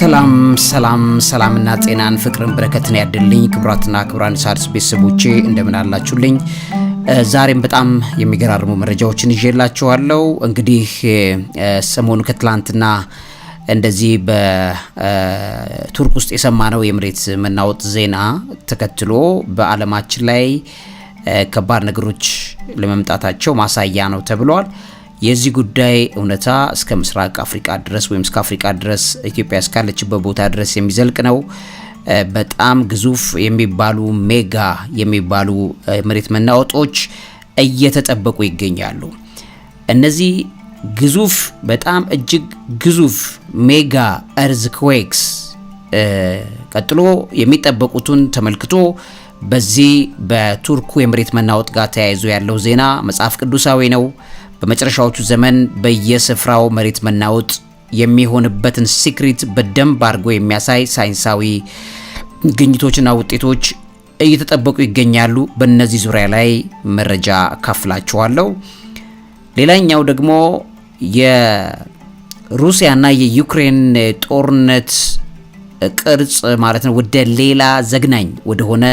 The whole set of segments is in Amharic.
ሰላም ሰላም ሰላምና ጤናን ፍቅርን በረከትን ያድልኝ ክቡራትና ክቡራን ሣድስ ቤተሰቦቼ እንደምን አላችሁልኝ? ዛሬም በጣም የሚገራርሙ መረጃዎችን ይዤላችኋለሁ። እንግዲህ ሰሞኑ ከትላንትና እንደዚህ በቱርክ ውስጥ የሰማነው የመሬት መናወጥ ዜና ተከትሎ በዓለማችን ላይ ከባድ ነገሮች ለመምጣታቸው ማሳያ ነው ተብሏል። የዚህ ጉዳይ እውነታ እስከ ምስራቅ አፍሪካ ድረስ ወይም እስከ አፍሪካ ድረስ ኢትዮጵያ እስካለችበት ቦታ ድረስ የሚዘልቅ ነው። በጣም ግዙፍ የሚባሉ ሜጋ የሚባሉ መሬት መናወጦች እየተጠበቁ ይገኛሉ። እነዚህ ግዙፍ በጣም እጅግ ግዙፍ ሜጋ እርዝክዌክስ ቀጥሎ የሚጠበቁትን ተመልክቶ በዚህ በቱርኩ የመሬት መናወጥ ጋር ተያይዞ ያለው ዜና መጽሐፍ ቅዱሳዊ ነው። በመጨረሻዎቹ ዘመን በየስፍራው መሬት መናወጥ የሚሆንበትን ሲክሪት በደንብ አድርጎ የሚያሳይ ሳይንሳዊ ግኝቶችና ውጤቶች እየተጠበቁ ይገኛሉ። በእነዚህ ዙሪያ ላይ መረጃ ካፍላችኋለሁ። ሌላኛው ደግሞ የሩሲያና የዩክሬን ጦርነት ቅርጽ ማለት ነው ወደ ሌላ ዘግናኝ ወደሆነ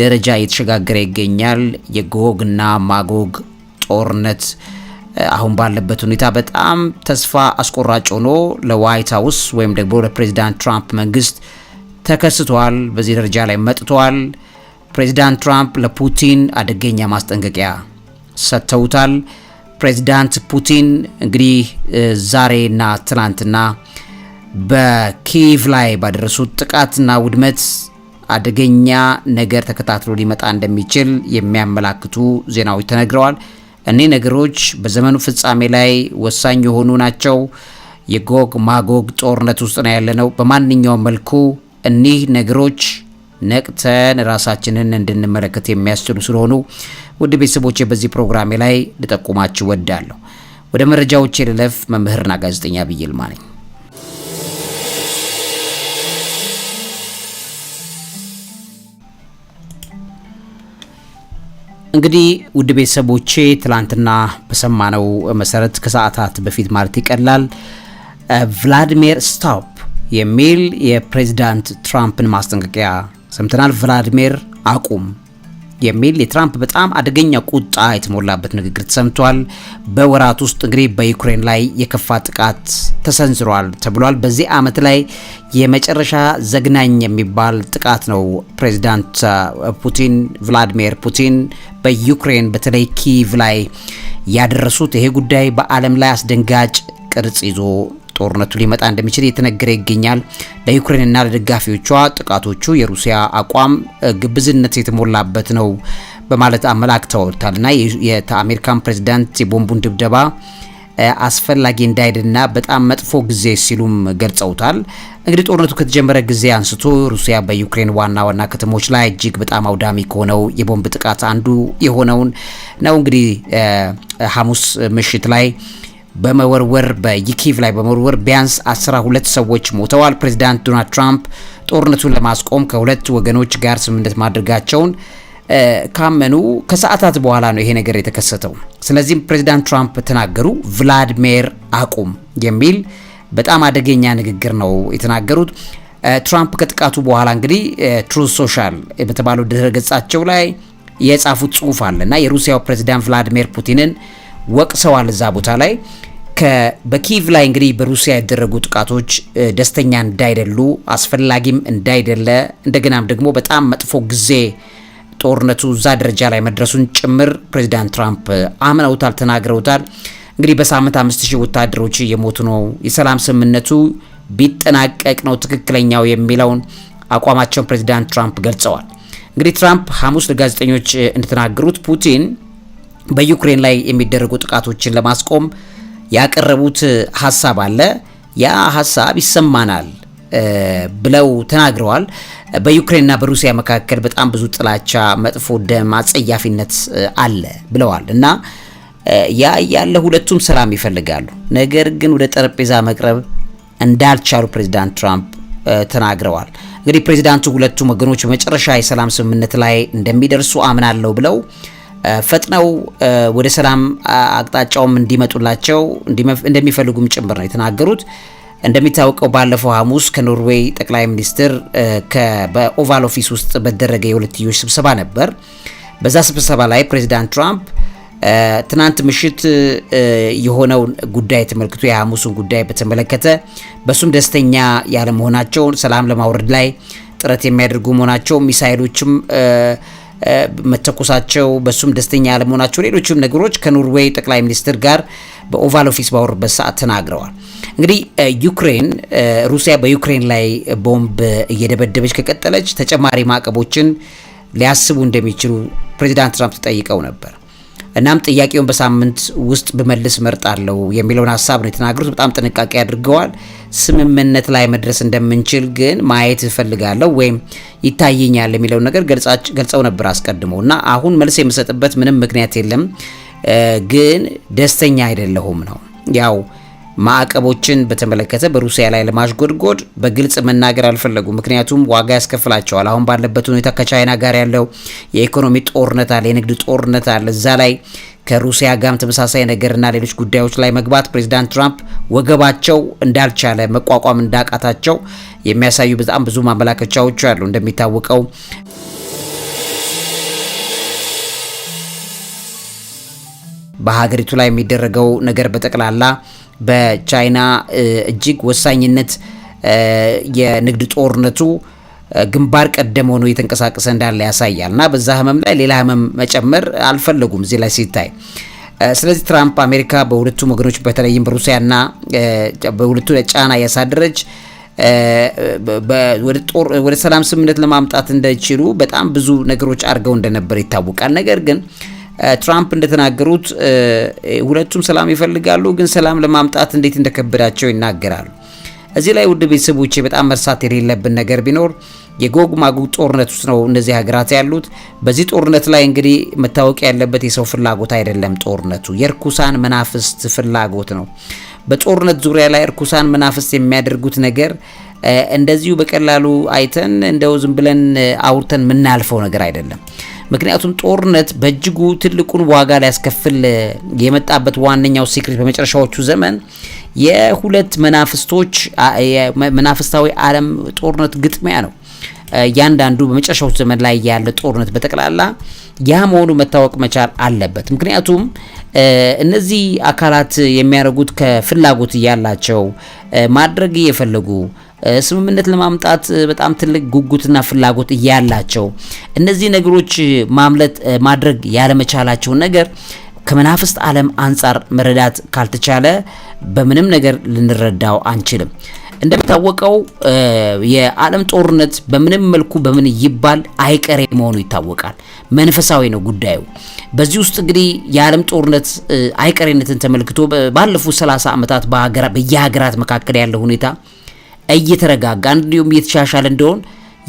ደረጃ እየተሸጋገረ ይገኛል። የጎግና ማጎግ ጦርነት አሁን ባለበት ሁኔታ በጣም ተስፋ አስቆራጭ ሆኖ ለዋይት ሀውስ ወይም ደግሞ ለፕሬዚዳንት ትራምፕ መንግስት ተከስቷል። በዚህ ደረጃ ላይ መጥቷል። ፕሬዚዳንት ትራምፕ ለፑቲን አደገኛ ማስጠንቀቂያ ሰጥተውታል። ፕሬዚዳንት ፑቲን እንግዲህ ዛሬና ትናንትና በኪየቭ ላይ ባደረሱት ጥቃትና ውድመት አደገኛ ነገር ተከታትሎ ሊመጣ እንደሚችል የሚያመላክቱ ዜናዎች ተነግረዋል። እኒህ ነገሮች በዘመኑ ፍጻሜ ላይ ወሳኝ የሆኑ ናቸው። የጎግ ማጎግ ጦርነት ውስጥ ነው ያለነው። በማንኛውም መልኩ እኒህ ነገሮች ነቅተን ራሳችንን እንድንመለከት የሚያስችሉ ስለሆኑ ውድ ቤተሰቦቼ በዚህ ፕሮግራሜ ላይ ልጠቁማችሁ ወዳለሁ። ወደ መረጃዎች ልለፍ። መምህርና ጋዜጠኛ ዐቢይ ይልማ ነኝ። እንግዲህ ውድ ቤተሰቦቼ ትላንትና በሰማነው መሰረት ከሰዓታት በፊት ማለት ይቀላል ቭላዲሚር ስቶፕ የሚል የፕሬዚዳንት ትራምፕን ማስጠንቀቂያ ሰምተናል። ቭላዲሚር አቁም የሚል የትራምፕ በጣም አደገኛ ቁጣ የተሞላበት ንግግር ተሰምቷል። በወራት ውስጥ እንግዲህ በዩክሬን ላይ የከፋ ጥቃት ተሰንዝሯል ተብሏል። በዚህ ዓመት ላይ የመጨረሻ ዘግናኝ የሚባል ጥቃት ነው ፕሬዚዳንት ፑቲን ቭላዲሚር ፑቲን በዩክሬን በተለይ ኪቭ ላይ ያደረሱት። ይሄ ጉዳይ በዓለም ላይ አስደንጋጭ ቅርጽ ይዞ ጦርነቱ ሊመጣ እንደሚችል እየተነገረ ይገኛል። ለዩክሬንና ለደጋፊዎቿ ጥቃቶቹ የሩሲያ አቋም ግብዝነት የተሞላበት ነው በማለት እና የአሜሪካን ፕሬዚዳንት የቦምቡን ድብደባ አስፈላጊ እንዳይደና በጣም መጥፎ ጊዜ ሲሉም ገልጸውታል። እንግዲህ ጦርነቱ ከተጀመረ ጊዜ አንስቶ ሩሲያ በዩክሬን ዋና ዋና ከተሞች ላይ እጅግ በጣም አውዳሚ ከሆነው የቦምብ ጥቃት አንዱ የሆነውን ነው። እንግዲህ ሐሙስ ምሽት ላይ በመወርወር በይኪቭ ላይ በመወርወር ቢያንስ አስራ ሰዎች ሞተዋል። ፕሬዚዳንት ዶናልድ ትራምፕ ጦርነቱን ለማስቆም ከሁለት ወገኖች ጋር ስምምነት ማድረጋቸውን ካመኑ ከሰዓታት በኋላ ነው ይሄ ነገር የተከሰተው። ስለዚህም ፕሬዚዳንት ትራምፕ ተናገሩ፣ ቭላድሚር አቁም የሚል በጣም አደገኛ ንግግር ነው የተናገሩት። ትራምፕ ከጥቃቱ በኋላ እንግዲህ ትሩዝ ሶሻል በተባለው ድረ ገጻቸው ላይ የጻፉት ጽሁፍ አለ እና የሩሲያው ፕሬዚዳንት ቭላዲሚር ፑቲንን ወቅሰዋል እዛ ቦታ ላይ በኪቭ ላይ እንግዲህ በሩሲያ ያደረጉ ጥቃቶች ደስተኛ እንዳይደሉ አስፈላጊም እንዳይደለ እንደገናም ደግሞ በጣም መጥፎ ጊዜ ጦርነቱ እዛ ደረጃ ላይ መድረሱን ጭምር ፕሬዚዳንት ትራምፕ አምነውታል፣ ተናግረውታል። እንግዲህ በሳምንት አምስት ሺህ ወታደሮች እየሞቱ ነው፣ የሰላም ስምምነቱ ቢጠናቀቅ ነው ትክክለኛው የሚለውን አቋማቸውን ፕሬዚዳንት ትራምፕ ገልጸዋል። እንግዲህ ትራምፕ ሐሙስ ለጋዜጠኞች እንደተናገሩት ፑቲን በዩክሬን ላይ የሚደረጉ ጥቃቶችን ለማስቆም ያቀረቡት ሀሳብ አለ። ያ ሀሳብ ይሰማናል ብለው ተናግረዋል። በዩክሬንና በሩሲያ መካከል በጣም ብዙ ጥላቻ፣ መጥፎ ደም፣ አጸያፊነት አለ ብለዋል እና ያ ያለ ሁለቱም ሰላም ይፈልጋሉ። ነገር ግን ወደ ጠረጴዛ መቅረብ እንዳልቻሉ ፕሬዚዳንት ትራምፕ ተናግረዋል። እንግዲህ ፕሬዚዳንቱ ሁለቱም ወገኖች በመጨረሻ የሰላም ስምምነት ላይ እንደሚደርሱ አምናለሁ ብለው ፈጥነው ወደ ሰላም አቅጣጫውም እንዲመጡላቸው እንደሚፈልጉም ጭምር ነው የተናገሩት። እንደሚታወቀው ባለፈው ሐሙስ ከኖርዌይ ጠቅላይ ሚኒስትር በኦቫል ኦፊስ ውስጥ በተደረገ የሁለትዮሽ ስብሰባ ነበር። በዛ ስብሰባ ላይ ፕሬዚዳንት ትራምፕ ትናንት ምሽት የሆነውን ጉዳይ ተመልክቶ የሐሙሱን ጉዳይ በተመለከተ በሱም ደስተኛ ያለመሆናቸውን ሰላም ለማውረድ ላይ ጥረት የሚያደርጉ መሆናቸው ሚሳይሎችም መተኮሳቸው በሱም ደስተኛ ያለመሆናቸው ሌሎችም ነገሮች ከኖርዌይ ጠቅላይ ሚኒስትር ጋር በኦቫል ኦፊስ ባወሩበት ሰዓት ተናግረዋል። እንግዲህ ዩክሬን ሩሲያ በዩክሬን ላይ ቦምብ እየደበደበች ከቀጠለች ተጨማሪ ማዕቀቦችን ሊያስቡ እንደሚችሉ ፕሬዚዳንት ትራምፕ ተጠይቀው ነበር። እናም ጥያቄውን በሳምንት ውስጥ ብመልስ እመርጣለሁ የሚለውን ሀሳብ ነው የተናገሩት። በጣም ጥንቃቄ አድርገዋል። ስምምነት ላይ መድረስ እንደምንችል ግን ማየት እፈልጋለሁ ወይም ይታየኛል የሚለውን ነገር ገልጸው ነበር አስቀድሞ እና አሁን መልስ የምሰጥበት ምንም ምክንያት የለም፣ ግን ደስተኛ አይደለሁም ነው ያው ማዕቀቦችን በተመለከተ በሩሲያ ላይ ለማሽጎድጎድ በግልጽ መናገር አልፈለጉም። ምክንያቱም ዋጋ ያስከፍላቸዋል። አሁን ባለበት ሁኔታ ከቻይና ጋር ያለው የኢኮኖሚ ጦርነት አለ፣ የንግድ ጦርነት አለ። እዛ ላይ ከሩሲያ ጋርም ተመሳሳይ ነገርና ሌሎች ጉዳዮች ላይ መግባት ፕሬዚዳንት ትራምፕ ወገባቸው እንዳልቻለ መቋቋም እንዳቃታቸው የሚያሳዩ በጣም ብዙ ማመላከቻዎች አሉ። እንደሚታወቀው በሀገሪቱ ላይ የሚደረገው ነገር በጠቅላላ በቻይና እጅግ ወሳኝነት የንግድ ጦርነቱ ግንባር ቀደም ሆኖ እየተንቀሳቀሰ እንዳለ ያሳያል እና በዛ ህመም ላይ ሌላ ህመም መጨመር አልፈለጉም እዚህ ላይ ሲታይ። ስለዚህ ትራምፕ አሜሪካ በሁለቱም ወገኖች በተለይም በሩሲያና በሁለቱ ጫና ያሳደረች ወደ ሰላም ስምምነት ለማምጣት እንደችሉ በጣም ብዙ ነገሮች አድርገው እንደነበር ይታወቃል። ነገር ግን ትራምፕ እንደተናገሩት ሁለቱም ሰላም ይፈልጋሉ፣ ግን ሰላም ለማምጣት እንዴት እንደከበዳቸው ይናገራሉ። እዚህ ላይ ውድ ቤተሰቦቼ በጣም መርሳት የሌለብን ነገር ቢኖር የጎግ ማጎግ ጦርነት ውስጥ ነው እነዚህ ሀገራት ያሉት። በዚህ ጦርነት ላይ እንግዲህ መታወቅ ያለበት የሰው ፍላጎት አይደለም። ጦርነቱ የእርኩሳን መናፍስት ፍላጎት ነው። በጦርነት ዙሪያ ላይ እርኩሳን መናፍስት የሚያደርጉት ነገር እንደዚሁ በቀላሉ አይተን እንደው ዝም ብለን አውርተን የምናልፈው ነገር አይደለም። ምክንያቱም ጦርነት በእጅጉ ትልቁን ዋጋ ሊያስከፍል የመጣበት ዋነኛው ሲክሬት በመጨረሻዎቹ ዘመን የሁለት መናፍስቶች መናፍስታዊ ዓለም ጦርነት ግጥሚያ ነው። እያንዳንዱ በመጨረሻዎቹ ዘመን ላይ ያለ ጦርነት በጠቅላላ ያ መሆኑ መታወቅ መቻል አለበት። ምክንያቱም እነዚህ አካላት የሚያደርጉት ከፍላጎት እያላቸው ማድረግ የፈለጉ ስምምነት ለማምጣት በጣም ትልቅ ጉጉትና ፍላጎት እያላቸው እነዚህ ነገሮች ማምለጥ ማድረግ ያለመቻላቸውን ነገር ከመናፍስት ዓለም አንጻር መረዳት ካልተቻለ በምንም ነገር ልንረዳው አንችልም። እንደሚታወቀው የዓለም ጦርነት በምንም መልኩ በምን ይባል አይቀሬ መሆኑ ይታወቃል። መንፈሳዊ ነው ጉዳዩ። በዚህ ውስጥ እንግዲህ የዓለም ጦርነት አይቀሬነትን ተመልክቶ ባለፉት 30 ዓመታት በየሀገራት መካከል ያለው ሁኔታ እየተረጋጋ እንዲሁም እየተሻሻለ እንደሆን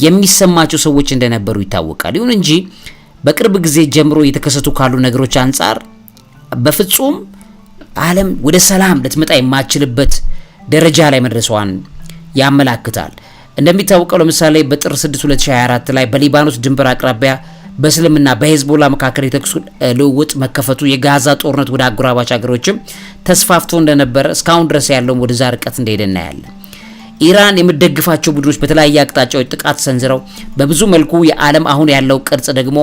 የሚሰማቸው ሰዎች እንደነበሩ ይታወቃል። ይሁን እንጂ በቅርብ ጊዜ ጀምሮ እየተከሰቱ ካሉ ነገሮች አንጻር በፍጹም ዓለም ወደ ሰላም ልትመጣ የማችልበት ደረጃ ላይ መድረሷን ያመላክታል። እንደሚታወቀው ለምሳሌ በጥር 6 2024 ላይ በሊባኖስ ድንበር አቅራቢያ በእስልምና በሄዝቦላ መካከል የተኩስ ልውውጥ መከፈቱ የጋዛ ጦርነት ወደ አጎራባች ሀገሮችም ተስፋፍቶ እንደነበረ እስካሁን ድረስ ያለውን ወደዛ ርቀት እንደሄደ እናያለን። ኢራን የምደግፋቸው ቡድኖች በተለያየ አቅጣጫዎች ጥቃት ሰንዝረው በብዙ መልኩ የዓለም አሁን ያለው ቅርጽ ደግሞ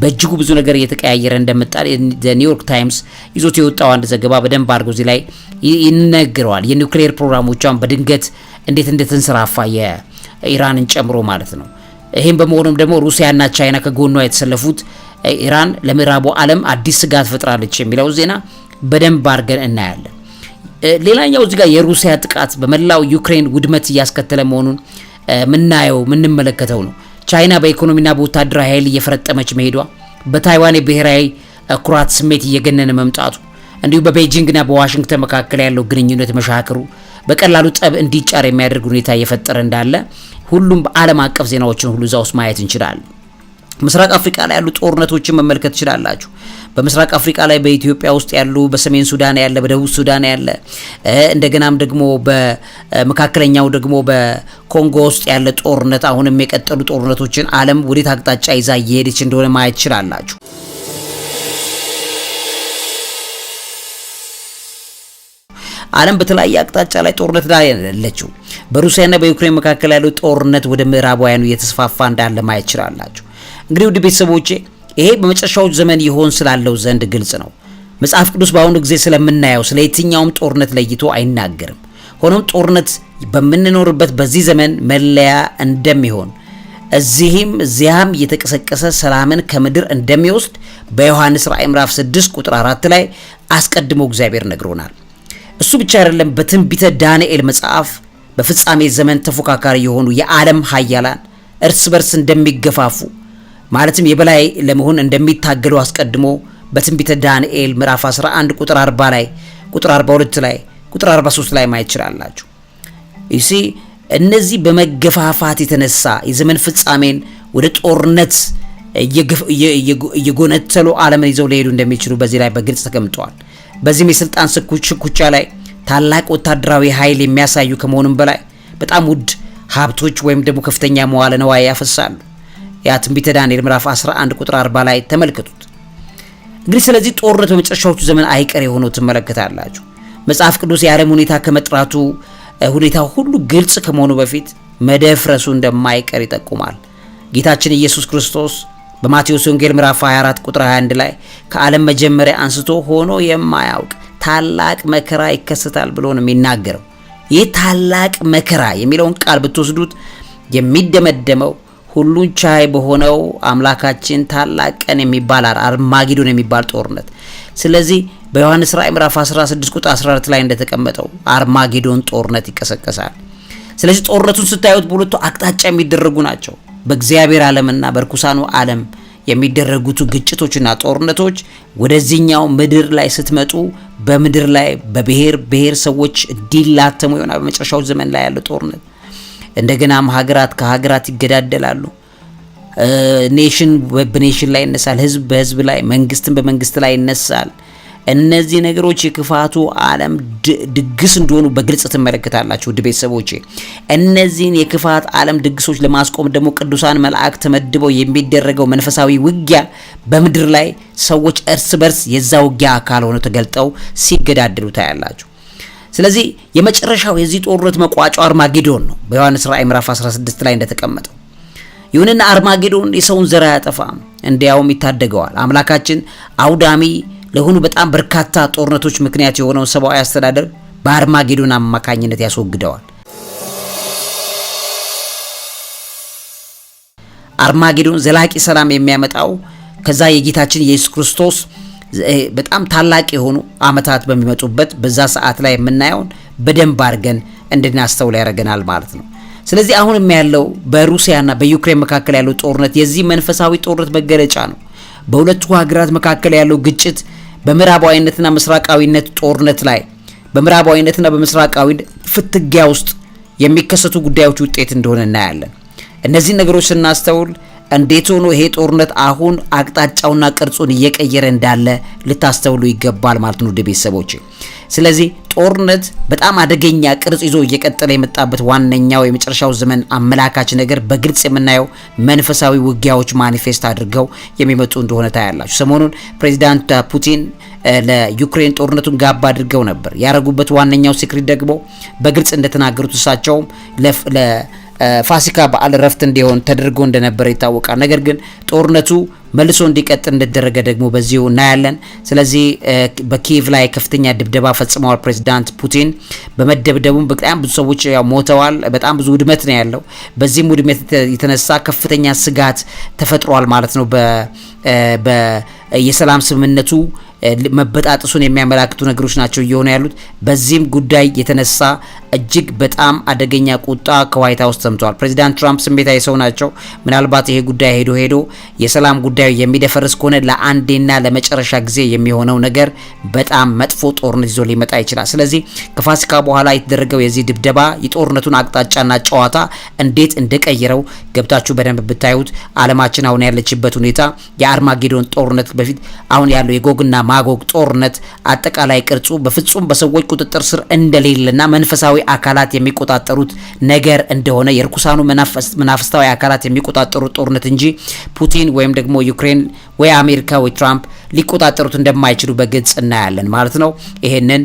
በእጅጉ ብዙ ነገር እየተቀያየረ እንደመጣል ኒውዮርክ ታይምስ ይዞት የወጣው አንድ ዘገባ በደንብ አድርጎ እዚህ ላይ ይነግረዋል። የኒውክሌር ፕሮግራሞቿን በድንገት እንዴት እንደተንሰራፋ የኢራንን ጨምሮ ማለት ነው። ይህም በመሆኑም ደግሞ ሩሲያና ቻይና ከጎኗ የተሰለፉት ኢራን ለምዕራቡ ዓለም አዲስ ስጋት ፈጥራለች የሚለው ዜና በደንብ አድርገን እናያለን። ሌላኛው እዚህ ጋር የሩሲያ ጥቃት በመላው ዩክሬን ውድመት እያስከተለ መሆኑን ምናየው ምንመለከተው ነው። ቻይና በኢኮኖሚና በወታደራዊ ኃይል እየፈረጠመች መሄዷ፣ በታይዋን የብሔራዊ ኩራት ስሜት እየገነነ መምጣቱ፣ እንዲሁም በቤጂንግና በዋሽንግተን መካከል ያለው ግንኙነት መሻክሩ በቀላሉ ጠብ እንዲጫር የሚያደርግ ሁኔታ እየፈጠረ እንዳለ ሁሉም በዓለም አቀፍ ዜናዎችን ሁሉ እዛ ውስጥ ማየት እንችላለን። ምስራቅ አፍሪካ ላይ ያሉ ጦርነቶችን መመልከት ትችላላችሁ። በምስራቅ አፍሪካ ላይ በኢትዮጵያ ውስጥ ያሉ፣ በሰሜን ሱዳን ያለ፣ በደቡብ ሱዳን ያለ፣ እንደገናም ደግሞ በመካከለኛው ደግሞ በኮንጎ ውስጥ ያለ ጦርነት አሁንም የቀጠሉ ጦርነቶችን ዓለም ወዴት አቅጣጫ ይዛ እየሄደች እንደሆነ ማየት ትችላላችሁ። ዓለም በተለያየ አቅጣጫ ላይ ጦርነት ላይ ያለችው። በሩሲያና በዩክሬን መካከል ያለው ጦርነት ወደ ምዕራባውያኑ እየተስፋፋ እንዳለ ማየት ትችላላችሁ። እንግዲህ ውድ ቤተሰቦቼ ይሄ በመጨረሻው ዘመን ይሆን ስላለው ዘንድ ግልጽ ነው። መጽሐፍ ቅዱስ በአሁኑ ጊዜ ስለምናየው ስለ የትኛውም ጦርነት ለይቶ አይናገርም። ሆኖም ጦርነት በምንኖርበት በዚህ ዘመን መለያ እንደሚሆን እዚህም እዚያም የተቀሰቀሰ ሰላምን ከምድር እንደሚወስድ በዮሐንስ ራእይ ምዕራፍ 6 ቁጥር 4 ላይ አስቀድሞ እግዚአብሔር ነግሮናል። እሱ ብቻ አይደለም፣ በትንቢተ ዳንኤል መጽሐፍ በፍጻሜ ዘመን ተፎካካሪ የሆኑ የዓለም ሀያላን እርስ በርስ እንደሚገፋፉ ማለትም የበላይ ለመሆን እንደሚታገሉ አስቀድሞ በትንቢተ ዳንኤል ምዕራፍ 11 ቁጥር 40 ላይ ቁጥር 42 ላይ ቁጥር 43 ላይ ማየት ይችላላችሁ። ይሲ እነዚህ በመገፋፋት የተነሳ የዘመን ፍጻሜን ወደ ጦርነት እየጎነተሉ ዓለምን ይዘው ሊሄዱ እንደሚችሉ በዚህ ላይ በግልጽ ተቀምጠዋል። በዚህም የስልጣን ሽኩቻ ላይ ታላቅ ወታደራዊ ኃይል የሚያሳዩ ከመሆኑም በላይ በጣም ውድ ሀብቶች ወይም ደግሞ ከፍተኛ መዋለ ነዋይ ያፈሳሉ። ያ ትንቢተ ዳንኤል ምዕራፍ 11 ቁጥር 40 ላይ ተመልከቱት። እንግዲህ ስለዚህ ጦርነት በመጨረሻዎቹ ዘመን አይቀር የሆነው ትመለከታላችሁ። መጽሐፍ ቅዱስ የዓለም ሁኔታ ከመጥራቱ ሁኔታ ሁሉ ግልጽ ከመሆኑ በፊት መደፍረሱ እንደማይቀር ይጠቁማል። ጌታችን ኢየሱስ ክርስቶስ በማቴዎስ ወንጌል ምዕራፍ 24 ቁጥር 21 ላይ ከዓለም መጀመሪያ አንስቶ ሆኖ የማያውቅ ታላቅ መከራ ይከሰታል ብሎ ነው የሚናገረው። ይህ ታላቅ መከራ የሚለውን ቃል ብትወስዱት የሚደመደመው ሁሉን ቻይ በሆነው አምላካችን ታላቅ ቀን የሚባል አርማጊዶን የሚባል ጦርነት። ስለዚህ በዮሐንስ ራእይ ምዕራፍ 16 ቁጥር 14 ላይ እንደተቀመጠው አርማጊዶን ጦርነት ይቀሰቀሳል። ስለዚህ ጦርነቱን ስታዩት በሁለቱ አቅጣጫ የሚደረጉ ናቸው። በእግዚአብሔር ዓለምና በርኩሳኑ ዓለም የሚደረጉት ግጭቶችና ጦርነቶች ወደዚህኛው ምድር ላይ ስትመጡ በምድር ላይ በብሔር ብሔር ሰዎች እንዲላተሙ ይሆናል። በመጨረሻው ዘመን ላይ ያለው ጦርነት እንደገናም ሀገራት ከሀገራት ይገዳደላሉ። ኔሽን በኔሽን ላይ ይነሳል፣ ህዝብ በህዝብ ላይ፣ መንግስትን በመንግስት ላይ ይነሳል። እነዚህ ነገሮች የክፋቱ ዓለም ድግስ እንደሆኑ በግልጽ ትመለከታላችሁ። ውድ ቤተሰቦቼ እነዚህን የክፋት ዓለም ድግሶች ለማስቆም ደግሞ ቅዱሳን መላእክት ተመድበው የሚደረገው መንፈሳዊ ውጊያ በምድር ላይ ሰዎች እርስ በርስ የዛ ውጊያ አካል ሆነው ተገልጠው ሲገዳደሉ ታያላችሁ። ስለዚህ የመጨረሻው የዚህ ጦርነት መቋጫው አርማጌዶን ነው በዮሐንስ ራእይ ምዕራፍ 16 ላይ እንደተቀመጠው። ይሁንና አርማጌዶን የሰውን ዘር አያጠፋም፣ እንዲያውም ይታደገዋል። አምላካችን አውዳሚ ለሆኑ በጣም በርካታ ጦርነቶች ምክንያት የሆነውን ሰብአዊ አስተዳደር በአርማጌዶን አማካኝነት ያስወግደዋል። አርማጌዶን ዘላቂ ሰላም የሚያመጣው ከዛ የጌታችን ኢየሱስ ክርስቶስ በጣም ታላቅ የሆኑ አመታት በሚመጡበት በዛ ሰዓት ላይ የምናየውን በደንብ አድርገን እንድናስተውል ያደርገናል ማለት ነው። ስለዚህ አሁንም ያለው በሩሲያና በዩክሬን መካከል ያለው ጦርነት የዚህ መንፈሳዊ ጦርነት መገለጫ ነው። በሁለቱ ሀገራት መካከል ያለው ግጭት በምዕራባዊነትና ምስራቃዊነት ጦርነት ላይ በምዕራባዊነትና በምስራቃዊ ፍትጊያ ውስጥ የሚከሰቱ ጉዳዮች ውጤት እንደሆነ እናያለን። እነዚህን ነገሮች ስናስተውል እንዴት ሆኖ ይሄ ጦርነት አሁን አቅጣጫውና ቅርጹን እየቀየረ እንዳለ ልታስተውሉ ይገባል ማለት ነው ውድ ቤተሰቦች። ስለዚህ ጦርነት በጣም አደገኛ ቅርጽ ይዞ እየቀጠለ የመጣበት ዋነኛው የመጨረሻው ዘመን አመላካች ነገር በግልጽ የምናየው መንፈሳዊ ውጊያዎች ማኒፌስት አድርገው የሚመጡ እንደሆነ ታያላችሁ። ሰሞኑን ፕሬዚዳንት ፑቲን ለዩክሬን ጦርነቱን ጋባ አድርገው ነበር። ያረጉበት ዋነኛው ሲክሪት ደግሞ በግልጽ እንደተናገሩት እሳቸውም ፋሲካ በዓል እረፍት እንዲሆን ተደርጎ እንደነበረ ይታወቃል። ነገር ግን ጦርነቱ መልሶ እንዲቀጥ እንደደረገ ደግሞ በዚሁ እናያለን። ስለዚህ በኪየቭ ላይ ከፍተኛ ድብደባ ፈጽመዋል ፕሬዚዳንት ፑቲን። በመደብደቡም በጣም ብዙ ሰዎች ሞተዋል። በጣም ብዙ ውድመት ነው ያለው። በዚህም ውድመት የተነሳ ከፍተኛ ስጋት ተፈጥሯል ማለት ነው። የሰላም ስምምነቱ መበጣጥሱን የሚያመላክቱ ነገሮች ናቸው እየሆኑ ያሉት። በዚህም ጉዳይ የተነሳ እጅግ በጣም አደገኛ ቁጣ ከዋይት ሀውስ ሰምተዋል። ፕሬዚዳንት ትራምፕ ስሜታዊ ሰው ናቸው። ምናልባት ይሄ ጉዳይ ሄዶ ሄዶ የሰላም ጉዳዩ የሚደፈርስ ከሆነ ለአንዴና ለመጨረሻ ጊዜ የሚሆነው ነገር በጣም መጥፎ ጦርነት ይዞ ሊመጣ ይችላል። ስለዚህ ከፋሲካ በኋላ የተደረገው የዚህ ድብደባ የጦርነቱን አቅጣጫና ጨዋታ እንዴት እንደቀየረው ገብታችሁ በደንብ ብታዩት አለማችን አሁን ያለችበት ሁኔታ የአርማጌዶን ጦርነት በፊት አሁን ያለው የጎግና ማጎግ ጦርነት አጠቃላይ ቅርጹ በፍጹም በሰዎች ቁጥጥር ስር እንደሌለና መንፈሳዊ አካላት የሚቆጣጠሩት ነገር እንደሆነ የርኩሳኑ መናፍስታዊ አካላት የሚቆጣጠሩት ጦርነት እንጂ ፑቲን ወይም ደግሞ ዩክሬን ወይ አሜሪካ ወይ ትራምፕ ሊቆጣጠሩት እንደማይችሉ በግልጽ እናያለን ማለት ነው። ይሄንን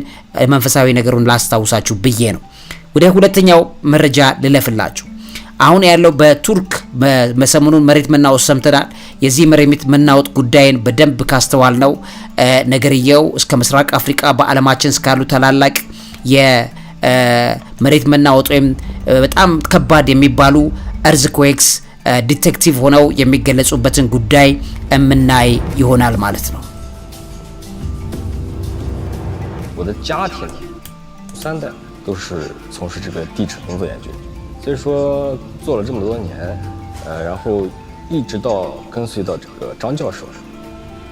መንፈሳዊ ነገሩን ላስታውሳችሁ ብዬ ነው። ወደ ሁለተኛው መረጃ ልለፍላችሁ። አሁን ያለው በቱርክ መሰሙኑን መሬት መናወጥ ሰምተናል። የዚህ መሬት መናወጥ ጉዳይን በደንብ ካስተዋል ነው ነገርየው እስከ ምስራቅ አፍሪካ በዓለማችን እስካሉ ታላላቅ የመሬት መናወጥ ወይም በጣም ከባድ የሚባሉ እርዝክዌክስ ዲቴክቲቭ ሆነው የሚገለጹበትን ጉዳይ የምናይ ይሆናል ማለት ነው። ወደ 所以说做了这么多年，呃，然后一直到跟随到这个张教授。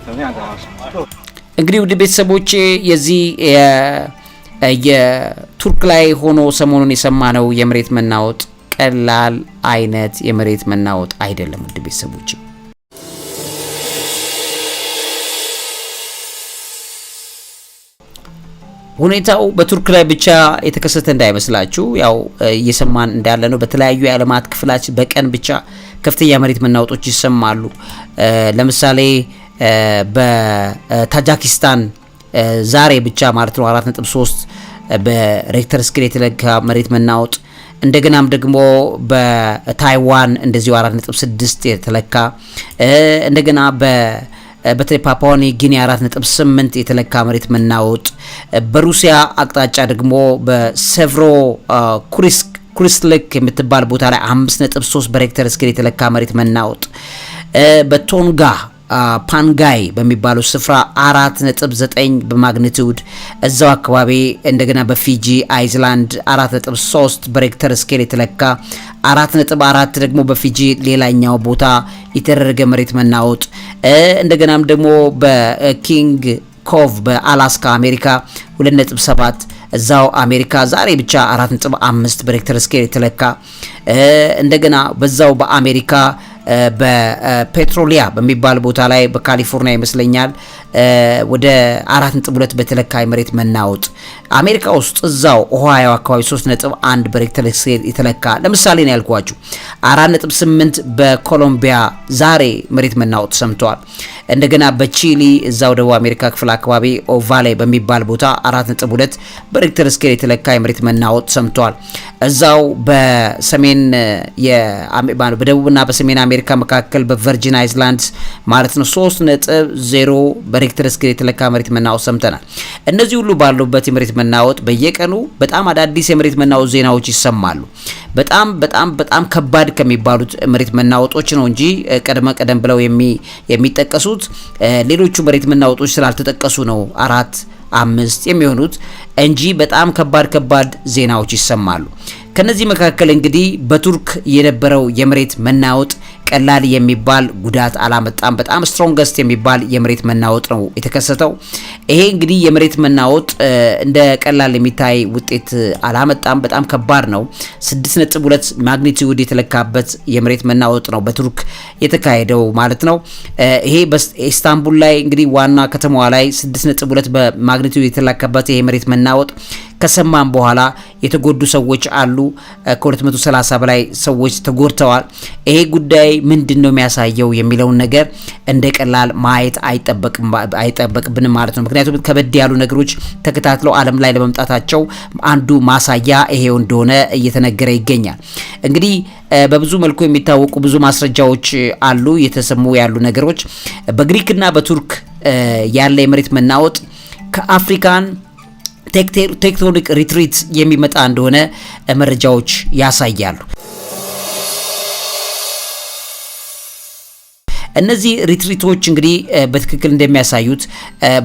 怎么样，张教授？እንግዲህ ውድ ቤተሰቦቼ የዚህ የቱርክ ላይ ሆኖ ሰሞኑን የሰማነው የመሬት መናወጥ ቀላል አይነት የመሬት መናወጥ አይደለም። ውድ ቤተሰቦቼ ሁኔታው በቱርክ ላይ ብቻ የተከሰተ እንዳይመስላችሁ ያው እየሰማን እንዳለ ነው። በተለያዩ የዓለማት ክፍላች በቀን ብቻ ከፍተኛ መሬት መናወጦች ይሰማሉ። ለምሳሌ በታጃኪስታን ዛሬ ብቻ ማለት ነው 4.3 በሬክተር ስኬል የተለካ መሬት መናወጥ፣ እንደገናም ደግሞ በታይዋን እንደዚሁ 4.6 የተለካ እንደገና በ በተለይ ፓፓዋኒ ጊኒ 4.8 የተለካ መሬት መናወጥ፣ በሩሲያ አቅጣጫ ደግሞ በሴቭሮ ኩሪስክ የምትባል ቦታ ላይ 5.3 በሬክተር ስኬል የተለካ መሬት መናወጥ በቶንጋ ፓንጋይ በሚባለው ስፍራ 4.9 በማግኒቱድ እዛው አካባቢ እንደገና በፊጂ አይዝላንድ 4.3 በሬክተር ስኬል የተለካ 4.4 ደግሞ በፊጂ ሌላኛው ቦታ የተደረገ መሬት መናወጥ እንደገናም ደግሞ በኪንግ ኮቭ በአላስካ አሜሪካ 2.7 እዛው አሜሪካ ዛሬ ብቻ 4.5 በሬክተር ስኬል የተለካ እንደገና በዛው በአሜሪካ በፔትሮሊያ በሚባል ቦታ ላይ በካሊፎርኒያ ይመስለኛል ወደ 4.2 በተለካይ መሬት መናወጥ አሜሪካ ውስጥ እዛው ኦሃዮ አካባቢ 3.1 በሬክተር የተለካ ለምሳሌ ነው ያልኳችሁ። 4.8 በኮሎምቢያ ዛሬ መሬት መናወጥ ሰምተዋል። እንደገና በቺሊ እዛው ደቡብ አሜሪካ ክፍል አካባቢ ኦቫሌ በሚባል ቦታ 4.2 በሪክተር ስኬል የተለካ የመሬት መናወጥ ሰምተዋል። እዛው በሰሜን በደቡብና በሰሜን አሜሪካ መካከል በቨርጂን አይስላንድ ማለት ነው 3.0 በሪክተር ስኬል የተለካ መሬት መናወጥ ሰምተናል። እነዚህ ሁሉ ባሉበት የመሬት መናወጥ በየቀኑ በጣም አዳዲስ የመሬት መናወጥ ዜናዎች ይሰማሉ። በጣም በጣም በጣም ከባድ ከሚባሉት መሬት መናወጦች ነው እንጂ ቀደም ቀደም ብለው የሚጠቀሱት ሌሎቹ መሬት መናወጦች ስላልተጠቀሱ ነው አራት አምስት የሚሆኑት እንጂ በጣም ከባድ ከባድ ዜናዎች ይሰማሉ። ከነዚህ መካከል እንግዲህ በቱርክ የነበረው የመሬት መናወጥ ቀላል የሚባል ጉዳት አላመጣም። በጣም ስትሮንገስት የሚባል የመሬት መናወጥ ነው የተከሰተው። ይሄ እንግዲህ የመሬት መናወጥ እንደ ቀላል የሚታይ ውጤት አላመጣም። በጣም ከባድ ነው። 6.2 ማግኒቲዩድ የተለካበት የመሬት መናወጥ ነው በቱርክ የተካሄደው ማለት ነው። ይሄ በኢስታንቡል ላይ እንግዲህ ዋና ከተማዋ ላይ 6.2 በማግኒቲዩድ የተለካበት ይሄ መሬት መናወጥ ከሰማን በኋላ የተጎዱ ሰዎች አሉ። ከ230 በላይ ሰዎች ተጎድተዋል። ይሄ ጉዳይ ምንድን ነው የሚያሳየው የሚለውን ነገር እንደ ቀላል ማየት አይጠበቅብንም ማለት ነው። ምክንያቱም ከበድ ያሉ ነገሮች ተከታትለው ዓለም ላይ ለመምጣታቸው አንዱ ማሳያ ይሄው እንደሆነ እየተነገረ ይገኛል። እንግዲህ በብዙ መልኩ የሚታወቁ ብዙ ማስረጃዎች አሉ፣ የተሰሙ ያሉ ነገሮች በግሪክና በቱርክ ያለ የመሬት መናወጥ ከአፍሪካን ቴክቶኒክ ሪትሪት የሚመጣ እንደሆነ መረጃዎች ያሳያሉ። እነዚህ ሪትሪቶች እንግዲህ በትክክል እንደሚያሳዩት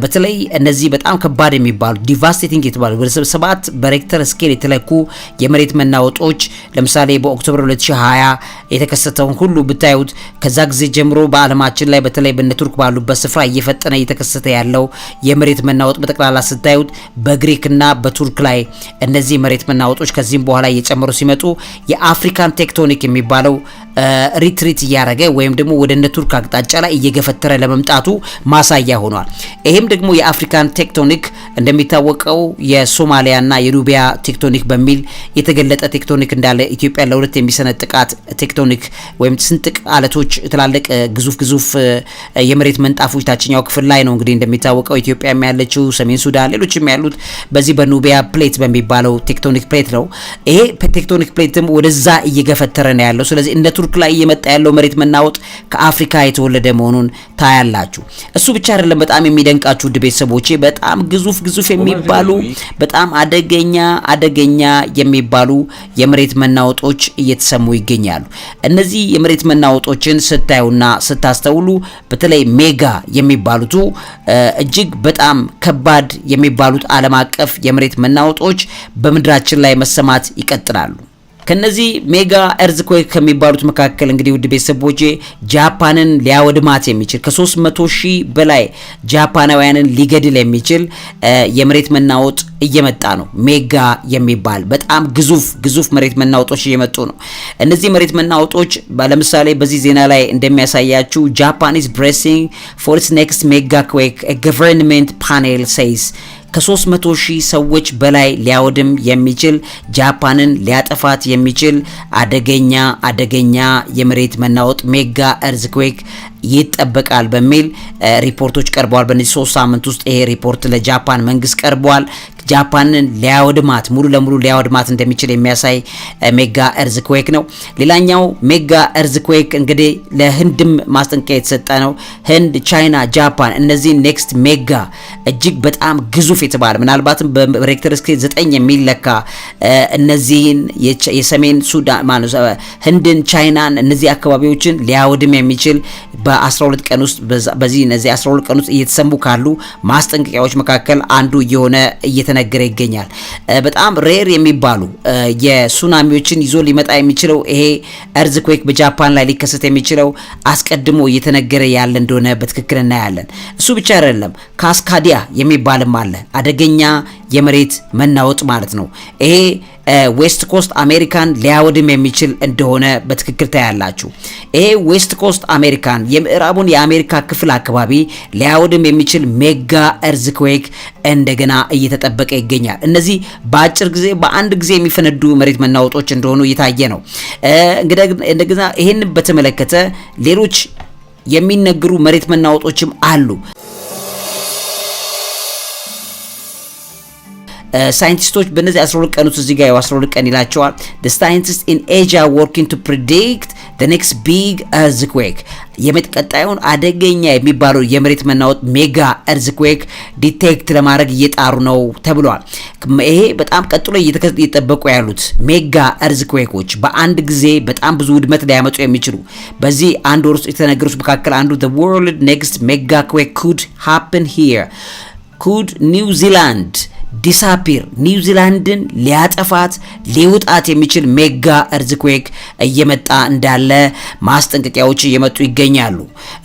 በተለይ እነዚህ በጣም ከባድ የሚባሉ ዲቫስቴቲንግ የተባሉ ወደ ሰባት በሬክተር ስኬል የተለኩ የመሬት መናወጦች ለምሳሌ በኦክቶበር 2020 የተከሰተውን ሁሉ ብታዩት ከዛ ጊዜ ጀምሮ በዓለማችን ላይ በተለይ በነ ቱርክ ባሉበት ስፍራ እየፈጠነ እየተከሰተ ያለው የመሬት መናወጥ በጠቅላላ ስታዩት በግሪክና በቱርክ ላይ እነዚህ መሬት መናወጦች ከዚህም በኋላ እየጨመሩ ሲመጡ የአፍሪካን ቴክቶኒክ የሚባለው ሪትሪት እያደረገ ወይም ደግሞ ወደ እነ ቱርክ አቅጣጫ ላይ እየገፈተረ ለመምጣቱ ማሳያ ሆኗል። ይህም ደግሞ የአፍሪካን ቴክቶኒክ እንደሚታወቀው የሶማሊያና የኑቢያ ቴክቶኒክ በሚል የተገለጠ ቴክቶኒክ እንዳለ ኢትዮጵያ ለሁለት የሚሰነጥቃት ቴክቶኒክ ወይም ስንጥቅ አለቶች ትላልቅ ግዙፍ ግዙፍ የመሬት መንጣፎች ታችኛው ክፍል ላይ ነው። እንግዲህ እንደሚታወቀው ኢትዮጵያ ያለችው ሰሜን ሱዳን፣ ሌሎችም ያሉት በዚህ በኑቢያ ፕሌት በሚባለው ቴክቶኒክ ፕሌት ነው። ይሄ ቴክቶኒክ ፕሌትም ወደዛ እየገፈተረ ነው ያለው። ስለዚህ እንደ ቱርክ ላይ እየመጣ ያለው መሬት መናወጥ ከአፍሪካ የተወለደ መሆኑን ታያላችሁ። እሱ ብቻ አይደለም። በጣም የሚደንቃችሁ ውድ ቤተሰቦቼ በጣም ግዙፍ ግዙፍ የሚባሉ በጣም አደገኛ አደገኛ የሚባሉ የመሬት መናወጦች እየተሰሙ ይገኛሉ። እነዚህ የመሬት መናወጦችን ስታዩና ስታስተውሉ በተለይ ሜጋ የሚባሉቱ እጅግ በጣም ከባድ የሚባሉት ዓለም አቀፍ የመሬት መናወጦች በምድራችን ላይ መሰማት ይቀጥላሉ። ከነዚህ ሜጋ ኤርዝኩዌክ ከሚባሉት መካከል እንግዲህ ውድ ቤተሰቦቼ ጃፓንን ሊያወድማት የሚችል ከ300 ሺህ በላይ ጃፓናውያንን ሊገድል የሚችል የመሬት መናወጥ እየመጣ ነው። ሜጋ የሚባል በጣም ግዙፍ ግዙፍ መሬት መናወጦች እየመጡ ነው። እነዚህ መሬት መናወጦች ለምሳሌ በዚህ ዜና ላይ እንደሚያሳያችሁ ጃፓን ብሬሲንግ ፎርስ ኔክስት ሜጋ ኩዌክ ገቨርንመንት ፓኔል ሴይስ ከ300 ሺህ ሰዎች በላይ ሊያወድም የሚችል ጃፓንን ሊያጠፋት የሚችል አደገኛ አደገኛ የመሬት መናወጥ ሜጋ እርዝኩዌክ ይጠበቃል በሚል ሪፖርቶች ቀርበዋል። በነዚህ ሶስት ሳምንት ውስጥ ይሄ ሪፖርት ለጃፓን መንግስት ቀርበዋል። ጃፓንን ሊያወድማት ሙሉ ለሙሉ ሊያወድማት እንደሚችል የሚያሳይ ሜጋ እርዝክዌክ ነው። ሌላኛው ሜጋ እርዝክዌክ እንግዲህ ለህንድም ማስጠንቀቂያ የተሰጠ ነው። ህንድ፣ ቻይና፣ ጃፓን እነዚህ ኔክስት ሜጋ እጅግ በጣም ግዙፍ የተባለ ምናልባትም በሬክተር ስኬል ዘጠኝ የሚለካ እነዚህን የሰሜን ሱዳን ህንድን፣ ቻይናን እነዚህ አካባቢዎችን ሊያወድም የሚችል በ12 ቀን ውስጥ በዚህ እነዚህ 12 ቀን ውስጥ እየተሰሙ ካሉ ማስጠንቀቂያዎች መካከል አንዱ እየሆነ እየተ እየተነገረ ይገኛል። በጣም ሬር የሚባሉ የሱናሚዎችን ይዞ ሊመጣ የሚችለው ይሄ እርዝኩዌክ በጃፓን ላይ ሊከሰት የሚችለው አስቀድሞ እየተነገረ ያለ እንደሆነ በትክክል እናያለን። እሱ ብቻ አይደለም፣ ካስካዲያ የሚባልም አለ፣ አደገኛ የመሬት መናወጥ ማለት ነው ይሄ ዌስት ኮስት አሜሪካን ሊያወድም የሚችል እንደሆነ በትክክል ታያላችሁ። ይሄ ዌስት ኮስት አሜሪካን የምዕራቡን የአሜሪካ ክፍል አካባቢ ሊያወድም የሚችል ሜጋ እርዝክዌክ እንደገና እየተጠበቀ ይገኛል። እነዚህ በአጭር ጊዜ በአንድ ጊዜ የሚፈነዱ መሬት መናወጦች እንደሆኑ እየታየ ነው። እንደገና ይህን በተመለከተ ሌሎች የሚነግሩ መሬት መናወጦችም አሉ። ሳይንቲስቶች በነዚህ 12 ቀን ውስጥ እዚህ ጋር 12 ቀን ይላቸዋል። the scientists in Asia working to predict the next big earthquake የመቀጣዩን አደገኛ የሚባለው የመሬት መናወጥ ሜጋ እርዝኩዌክ ዲቴክት ለማድረግ እየጣሩ ነው ተብሏል። ይሄ በጣም ቀጥሎ እየተጠበቁ ያሉት ሜጋ እርዝኩዌኮች በአንድ ጊዜ በጣም ብዙ ውድመት ሊያመጡ የሚችሉ በዚህ አንድ ወር ውስጥ የተነገሩት መካከል አንዱ the world next mega quake could happen here could New Zealand ዲሳፒር ኒውዚላንድን ሊያጠፋት ሊውጣት የሚችል ሜጋ እርዝኩዌክ እየመጣ እንዳለ ማስጠንቀቂያዎች እየመጡ ይገኛሉ።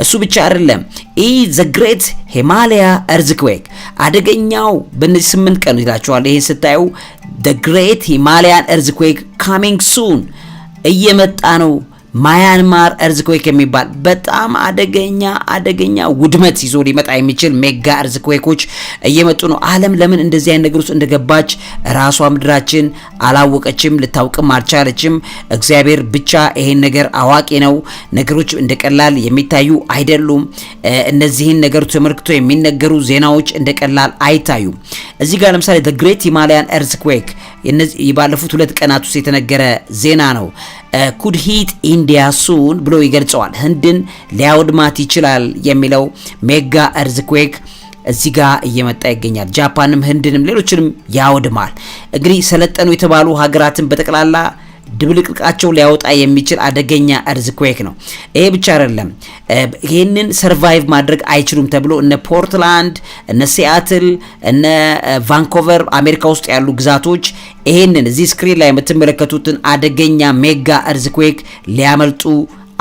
እሱ ብቻ አይደለም። ኢ ዘ ግሬት ሂማሊያ እርዝኩዌክ አደገኛው በነዚህ ስምንት ቀን ይላቸዋል። ይህን ስታዩ ዘ ግሬት ሂማሊያን እርዝኩዌክ ካሚንግ ሱን እየመጣ ነው ማያንማር እርዝክዌክ የሚባል በጣም አደገኛ አደገኛ ውድመት ይዞ ሊመጣ የሚችል ሜጋ እርዝኩዌኮች እየመጡ ነው። ዓለም ለምን እንደዚህ አይነት ነገር ውስጥ እንደገባች ራሷ ምድራችን አላወቀችም፣ ልታውቅም አልቻለችም። እግዚአብሔር ብቻ ይሄን ነገር አዋቂ ነው። ነገሮች እንደቀላል የሚታዩ አይደሉም። እነዚህን ነገር ተመልክቶ የሚነገሩ ዜናዎች እንደቀላል አይታዩ አይታዩም። እዚህ ጋር ለምሳሌ ግሬት ሂማላያን እርዝኩዌክ የባለፉት ሁለት ቀናት ውስጥ የተነገረ ዜና ነው። ኩድ ሂት ኢንዲያ ሱን ብሎ ይገልጸዋል። ህንድን ሊያወድማት ይችላል የሚለው ሜጋ እርዝኩዌክ እዚህ ጋር እየመጣ ይገኛል። ጃፓንም ህንድንም ሌሎችንም ያወድማል። እንግዲህ ሰለጠኑ የተባሉ ሀገራትን በጠቅላላ ድብልቅልቃቸው ሊያወጣ የሚችል አደገኛ እርዝኩዌክ ነው። ይሄ ብቻ አይደለም፣ ይህንን ሰርቫይቭ ማድረግ አይችሉም ተብሎ እነ ፖርትላንድ፣ እነ ሲያትል፣ እነ ቫንኮቨር አሜሪካ ውስጥ ያሉ ግዛቶች ይህንን እዚህ ስክሪን ላይ የምትመለከቱትን አደገኛ ሜጋ እርዝኩዌክ ሊያመልጡ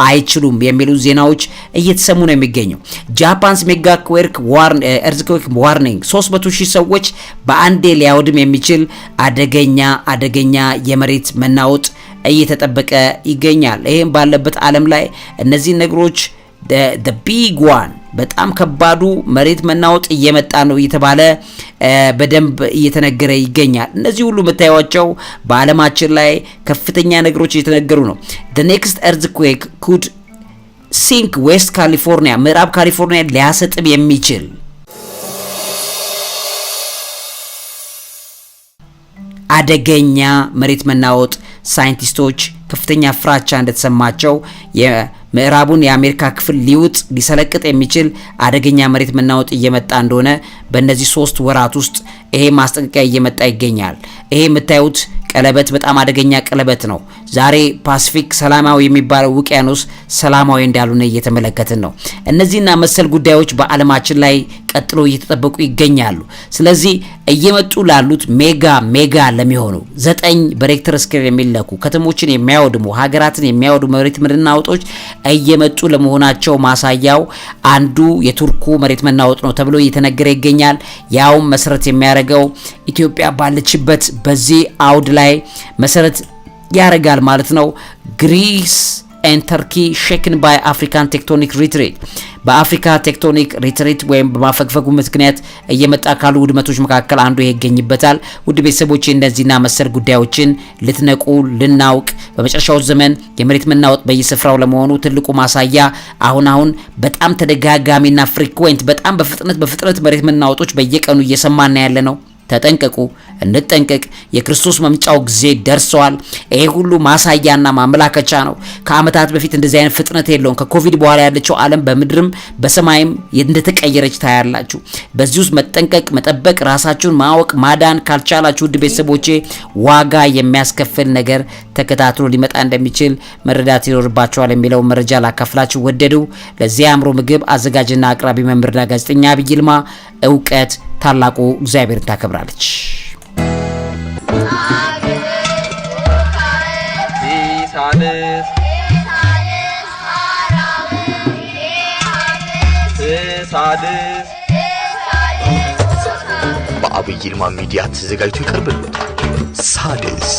አይችሉም የሚሉ ዜናዎች እየተሰሙ ነው የሚገኘው። ጃፓንስ ኩዌርክ ኤርዝኩዌክ ዋርኒንግ 300 ሺህ ሰዎች በአንዴ ሊያወድም የሚችል አደገኛ አደገኛ የመሬት መናወጥ እየተጠበቀ ይገኛል። ይህም ባለበት ዓለም ላይ እነዚህ ነገሮች ቢግ ዋን በጣም ከባዱ መሬት መናወጥ እየመጣ ነው እየተባለ በደንብ እየተነገረ ይገኛል። እነዚህ ሁሉ የምታዩቸው በዓለማችን ላይ ከፍተኛ ነገሮች እየተነገሩ ነው። the next earthquake could sink west ካሊፎርኒያ ምዕራብ ካሊፎርኒያ ሊያሰጥም የሚችል አደገኛ መሬት መናወጥ ሳይንቲስቶች ከፍተኛ ፍራቻ እንደተሰማቸው ምዕራቡን የአሜሪካ ክፍል ሊውጥ ሊሰለቅጥ የሚችል አደገኛ መሬት መናወጥ እየመጣ እንደሆነ በእነዚህ ሶስት ወራት ውስጥ ይሄ ማስጠንቀቂያ እየመጣ ይገኛል። ይሄ የምታዩት ቀለበት በጣም አደገኛ ቀለበት ነው። ዛሬ ፓስፊክ ሰላማዊ የሚባለው ውቅያኖስ ሰላማዊ እንዳልሆነ እየተመለከትን ነው። እነዚህና መሰል ጉዳዮች በዓለማችን ላይ ቀጥሎ እየተጠበቁ ይገኛሉ። ስለዚህ እየመጡ ላሉት ሜጋ ሜጋ ለሚሆኑ ዘጠኝ በሬክተር ስኬል የሚለኩ ከተሞችን የሚያወድሙ ሀገራትን የሚያወድሙ መሬት መናወጦች እየመጡ ለመሆናቸው ማሳያው አንዱ የቱርኩ መሬት መናወጥ ነው ተብሎ እየተነገረ ይገኛል። ያውም መሰረት የሚያደርገው ኢትዮጵያ ባለችበት በዚህ አውድ ላይ መሰረት ያደርጋል ማለት ነው። ግሪስ ኤን ተርኪ ሼክን ባይ አፍሪካን ቴክቶኒክ ሪትሪት በአፍሪካ ቴክቶኒክ ሪትሪት ወይም በማፈግፈጉ ምክንያት እየመጣ ካሉ ውድመቶች መካከል አንዱ ይሄ ይገኝበታል። ውድ ቤተሰቦች እነዚህና መሰል ጉዳዮችን ልትነቁ ልናውቅ በመጨረሻው ዘመን የመሬት መናወጥ በየስፍራው ለመሆኑ ትልቁ ማሳያ አሁን አሁን በጣም ተደጋጋሚና ፍሪኩዌንት በጣም በፍጥነት በፍጥነት መሬት መናወጦች በየቀኑ እየሰማና ያለ ነው። ተጠንቀቁ። እንጠንቀቅ። የክርስቶስ መምጫው ጊዜ ደርሰዋል። ይሄ ሁሉ ማሳያና ማመላከቻ ነው። ከአመታት በፊት እንደዚህ አይነት ፍጥነት የለውም። ከኮቪድ በኋላ ያለችው ዓለም በምድርም በሰማይም እንደተቀየረች ታያላችሁ። በዚህ ውስጥ መጠንቀቅ፣ መጠበቅ፣ ራሳችሁን ማወቅ፣ ማዳን ካልቻላችሁ ውድ ቤተሰቦቼ ዋጋ የሚያስከፍል ነገር ተከታትሎ ሊመጣ እንደሚችል መረዳት ይኖርባችኋል የሚለው መረጃ ላካፍላችሁ ወደዱ። ለዚህ የአእምሮ ምግብ አዘጋጅና አቅራቢ መምህርና ጋዜጠኛ ዐቢይ ይልማ እውቀት ታላቁ እግዚአብሔርን ታከብራለች። በአብይ ይልማ ሚዲያ ተዘጋጅቶ ይቀርብልዎታል። ሣድስ